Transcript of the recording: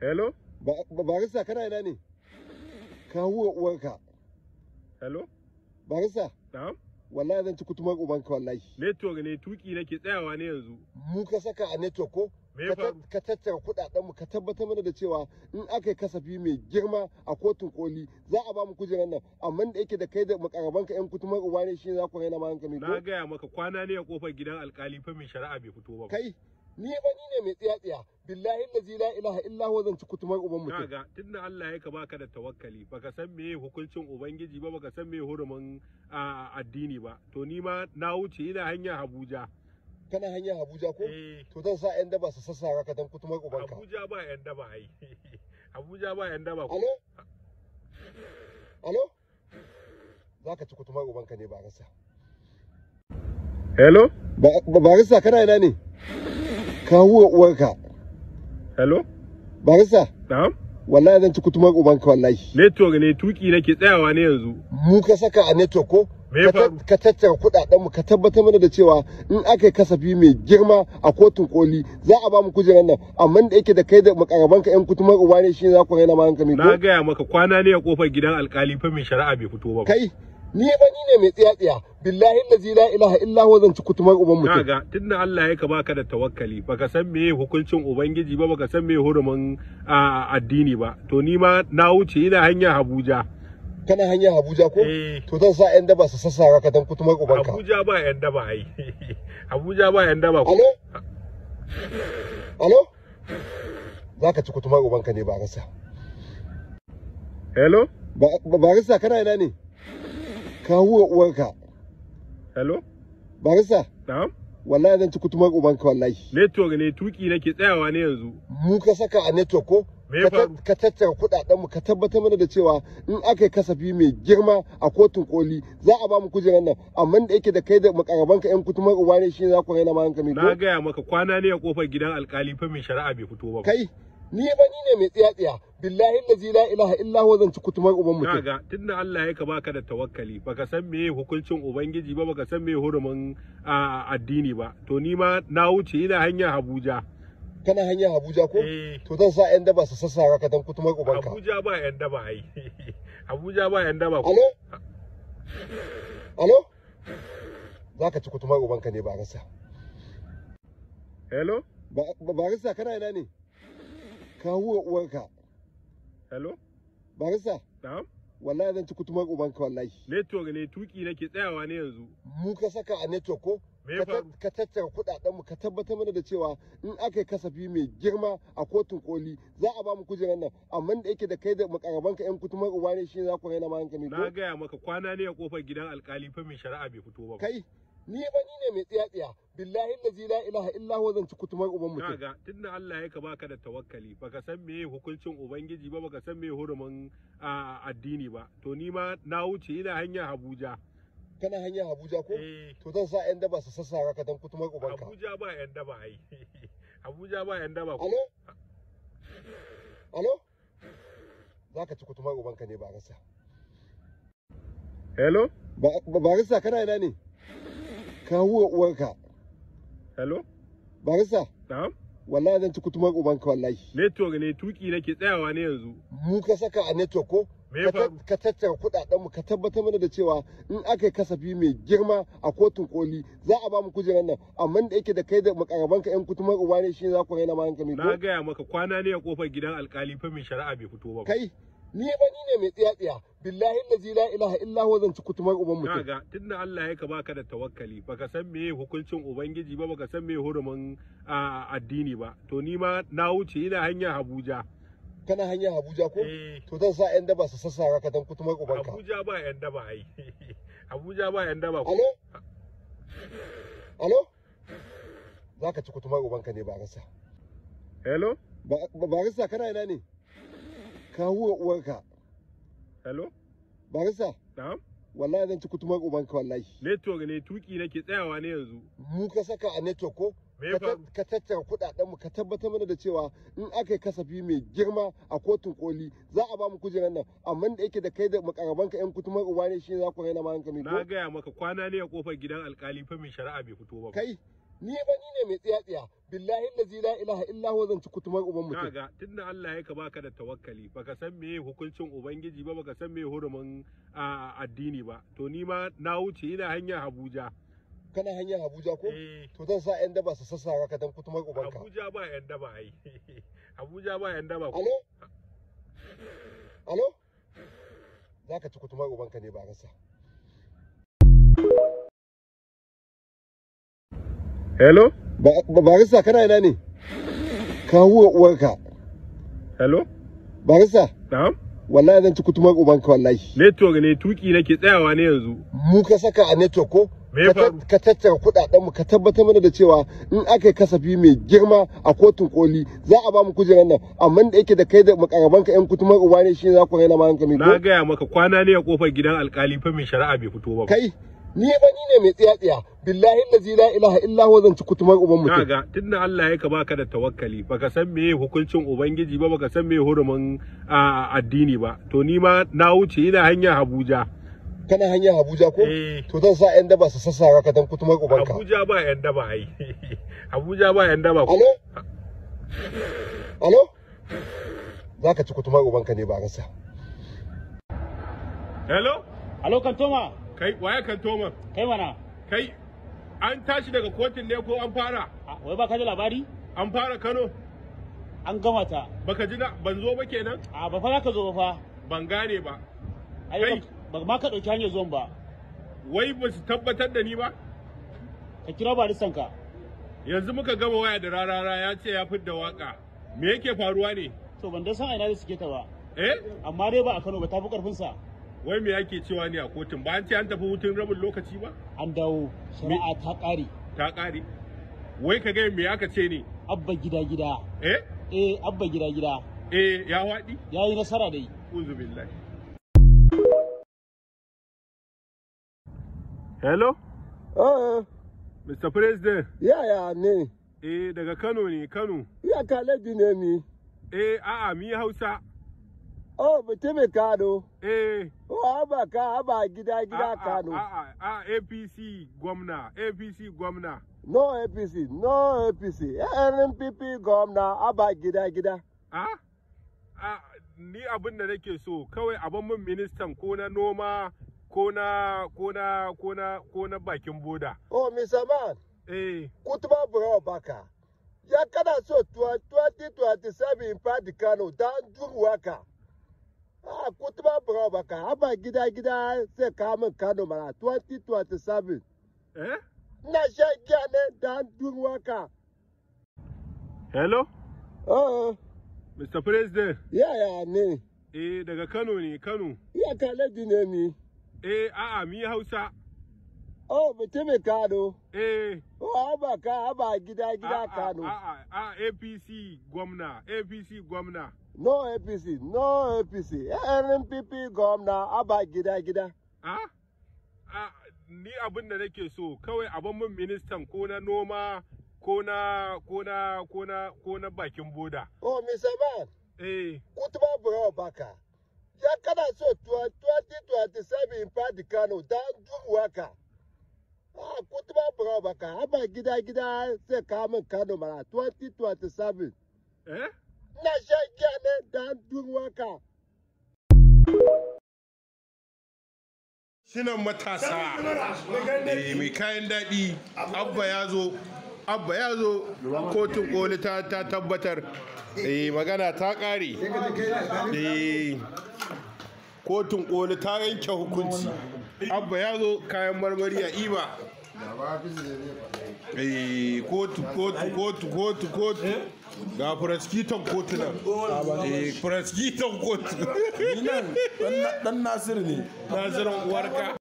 hello barista kana ina ne ka hura uwarka hello barista na'am wallahi zan ci kutumar ubanka wallahi network ne tuki nake tsayawa ne yanzu mu ka saka a network ko ka tattara kudaden mu ka tabbatar mana da cewa in aka yi kasafi mai girma a kotun koli za a ba mu kujerar nan amma da yake da kai da makaraban yan kutumar uba ne shi ne za ku raina ma hankali na gaya maka kwana ne a kofar gidan alkali fa mai shari'a bai fito ba kai ni ba ni ne mai tsiya-tsiya billahi allazi la ilaha illa huwa zan ci kutumar uban mutum kaga tunda Allah ya baka da tawakkali baka san meye hukuncin ubangiji ba baka san meye hurumin addini ba to ni ma na wuce ina hanya Abuja kana hanya Abuja ko eh. to zan sa yan daba su sassara ka dan kutumar ubanka Abuja ba yan daba ai Abuja ba yan daba ko Alo zaka ci kutumar ubanka ne ba rasa Hello ba rasa kana ina ne kawo uwarka hello Barisa? na'am wallahi zan ci kutumar ubanka wallahi network ne tuki nake tsayawa ne yanzu mu ka saka a network ko ka tattara kudaden mu ka tabbatar mana da cewa in aka yi kasafi mai girma a kotun koli za a ba mu kujerar nan amma da yake da kai da makaraban ka yan kutumar uba ne shi za ku raina ma hankali na gaya maka kwana ne a kofar gidan alkali fa mai shari'a bai fito ba kai ni ba ni ne mai tsiya tsiya billahi lazi la ilaha illa huwa zan ci kutumar uban mutum kaga tunda Allah ya ka baka da tawakkali baka san me hukuncin ubangiji ba baka san me hurumin addini ba to ni ma na wuce ina hanya Abuja kana hanya Abuja ko eh. to zan sa yan daba su sassara ka dan kutumar ubanka Abuja ba yan daba ai Abuja ba yan daba ko Alo za zaka ci kutumar ubanka ne ba rasa Hello ba rasa kana ina ne kawo uwanka hello barista na'am wallahi zan ci kutumar ubanka wallahi network ne tuki nake tsayawa ne yanzu mu ka saka a network ko ka tattara kudaden mu ka tabbatar mana da cewa in aka yi kasafi mai girma a kotun koli za a ba mu kujerar nan amma da yake da kai da makaraban ka yan kutumar uba ne shi za ku raina ma hankali na gaya maka kwana ne a kofar gidan alkali fa mai shari'a bai fito ba kai ni ba ni ne mai tsiya tsiya billahi allazi la ilaha illa huwa zan ci kutumar uban mutum kaga tunda Allah ya ka baka da tawakkali baka san me hukuncin ubangiji ba baka san me hurumin addini ba to ni ma na wuce ina hanyar Abuja kana hanyar Abuja ko eh. to zan sa yan daba su sassara ka dan kutumar ubanka Abuja ba yan daba ai Abuja ba yan daba ko Alo Alo zaka ci kutumar ubanka ne ba rasa Hello ba rasa kana ina ne kawo uwanka hello Barisa. na'am wallahi zan ci kutumar ubanka wallahi network ne tuki nake tsayawa ne yanzu mu ka saka a network ko ka tattara kuɗaɗen mu ka tabbatar mana da cewa in aka yi kasafi mai girma a kotun koli za a ba mu kujerar nan amma da yake da kai da makaraban ka kutumar uba ne shi za ku raina ma hankali na gaya maka kwana ne a kofar gidan alkali fa mai shari'a bai fito ba kai ni ba ni ne mai tsiya-tsiya billahi allazi la ilaha illa huwa zan ci kutumar uban mutum kaga tunda Allah ya ka baka da tawakkali baka san meye hukuncin ubangiji ba baka san meye hurumin addini ba to ni ma na wuce ina hanyar Abuja kana hanyar Abuja ko eh. to zan sa yan daba su sassara ka dan kutumar ubanka Abuja ba yan daba ai Abuja ba yan daba ko Alo ka ci kutumar ubanka ne ba rasa Hello ba rasa kana ina ne kawo uwanka hello Barisa. na'am wallahi zan ci kutumar ubanka wallahi network ne tuki nake tsayawa ne yanzu mu ka saka a network ko ka tattara kuɗaɗen mu ka tabbatar mana da cewa in aka yi kasafi mai girma a kotun koli za a ba mu kujerar nan amma da yake da kai da makaraban ka yan kutumar uba ne shi za ku raina ma hankali na gaya maka kwana ne a kofar gidan alkali fa mai shari'a bai fito ba kai ni ba ni ne mai tsiya tsiya billahi allazi la ilaha illa huwa zan ci kutumar uban mutum kaga tunda Allah ya ka baka da tawakkali baka san me hukuncin ubangiji ba baka san me hurumin addini ba to ni ma na wuce ina hanyar Abuja kana hanyar Abuja ko eh. to zan sa yan daba su sassara ka dan kutumar ubanka Abuja ba yan daba ai Abuja ba yan daba ko Alo za zaka ci kutumar ubanka ne ba rasa Hello ba rasa kana ina ne kawo uwarka hello Barisa. na'am wallahi zan ci kutumar ubanka wallahi network ne tuki nake tsayawa ne yanzu mu ka saka a network ko ka tattara mu ka tabbatar mana da cewa in aka yi kasafi mai girma a kotun koli za a ba mu kujerar nan amma da yake da kai da makarabanka yan kutumar uba ne shi za ku raina ma hankali na gaya maka kwana ne a kofar gidan alkali fa mai shari'a bai fito ba kai ni ba ni ne mai tsiya tsiya billahi allazi la ilaha illa huwa zan ci kutumar uban mutum kaga tunda Allah ya ka baka da tawakkali baka san me hukuncin ubangiji ba baka san me hurumin addini ba to ni ma na wuce ina hanya Abuja kana hanya Abuja ko eh. to zan sa yan daba su sassara ka dan kutumar ubanka Abuja ba yan daba ai Abuja ba yan daba ko alo alo zaka ci kutumar ubanka ne ba rasa hello barista kana ina ne ka hura uwarka hello barista na'am wallahi zan ci kutumar ubanka wallahi network ne tuki nake tsayawa ne yanzu mu ka saka a network ko ka tattara kudaden mu ka tabbatar mana da cewa in aka kasafi mai girma a kotun koli za a ba mu kujerar nan amma da yake da kai da makaraban ka yan kutumar uba ne shi za ku raina ma hankali na gaya maka kwana ne a kofar gidan alkali fa mai shari'a bai fito ba kai ni ba ni ne mai tsiya tsiya billahi allazi la ilaha illa huwa zan ci kutumar uban mutum kaga tunda Allah ya ka baka da tawakkali baka san meye hukuncin ubangiji ba baka san meye hurumin addini ba to ni ma na wuce ina hanya Abuja kana hanya Abuja ko eh. to zan sa yan daba su sassara ka dan kutumar ubanka Abuja ba yan daba ai Abuja ba yan daba ko Alo zaka ci kutumar ubanka ne ba rasa Hello Hello Kantoma Kai waya kan toma? Kai mana. Kai an tashi daga kotun ne ko an fara? Wai ba ka da labari? An fara Kano. An gama ta. Baka ji na ban zo ba kenan? A ba fa ka zo ba fa. Ban gane ba. Ai ba ma ka dauki hanyar zuwan ba. Wai ba su tabbatar da ni ba? Ka kira risan ka. Yanzu muka gama waya da rarara ya ce ya fidda waka. Me yake faruwa ne? To ban da san aina da suke ta ba. Eh? Amma dai ba a Kano ba ta fi karfin sa. wai me yake cewa ne a kotun ba an ce an tafi hutun rabin lokaci ba an dawo shari'a ta ƙare ta ƙare wai ka ga me aka ce ne abba gida gida eh eh abba gida gida eh ya waɗi ya yi nasara da yi uzu billahi hello oh ah. mr president ya ya ne eh daga kano ne kano ya kaleji ne ni eh a'a mi hausa Oh, mutumin Kano. Eh. Oh, haba ka haba gida gida Kano. A'a, a'a, APC gwamna, APC gwamna. No APC, no APC. NPP gwamna, haba gida gida. Ah? Ah, ni abin da nake so, kawai abin min ministan ko na noma ko na ko na ko na ko na bakin boda. Oh, Mr. Man. Eh. Kutuba Burawa Baka. Ya kana so 2027 fadi Kano, dan juru waka. a kutuba bura ba ka haba gida gida sai ka min kano mara 2027 eh na shan giya dan da durwa ka hello oh mr president ya ya ne eh daga kano ne kano ya kalaji ne ni eh a mi hausa Oh, mutumin Kano. Eh. Oh, haba ka, haba gida gida Kano. Ah, ah, APC gwamna, APC gwamna. No APC, no APC. NPP gwamna, Aba gida gida. Ah? Ah, ni abin da nake so, kawai abin mun ministan ko na noma, ko na ko na ko na ko na bakin boda. Oh, Mr. Man. Eh. Kutuba Burawa Baka. Ya kana so 2027 in Kano, dan duwaka. Ba kutuba bura ba ka haba gida gida sai ka min Kano mara 2027. Eh? Na shan giya ne da dun waka. Shinan matasa, eh, mai kayan daɗi, abba ya zo, abba ya zo kotun koli ta tabbatar eh, magana ta ƙare eh, kotun koli ta yanke hukunci abba ya zo kayan marmari a iba eh kotu kotu kotu kotu kotu ga prosecutor kotu nan eh prosecutor kotu dan nasiru ne nasirin uwarka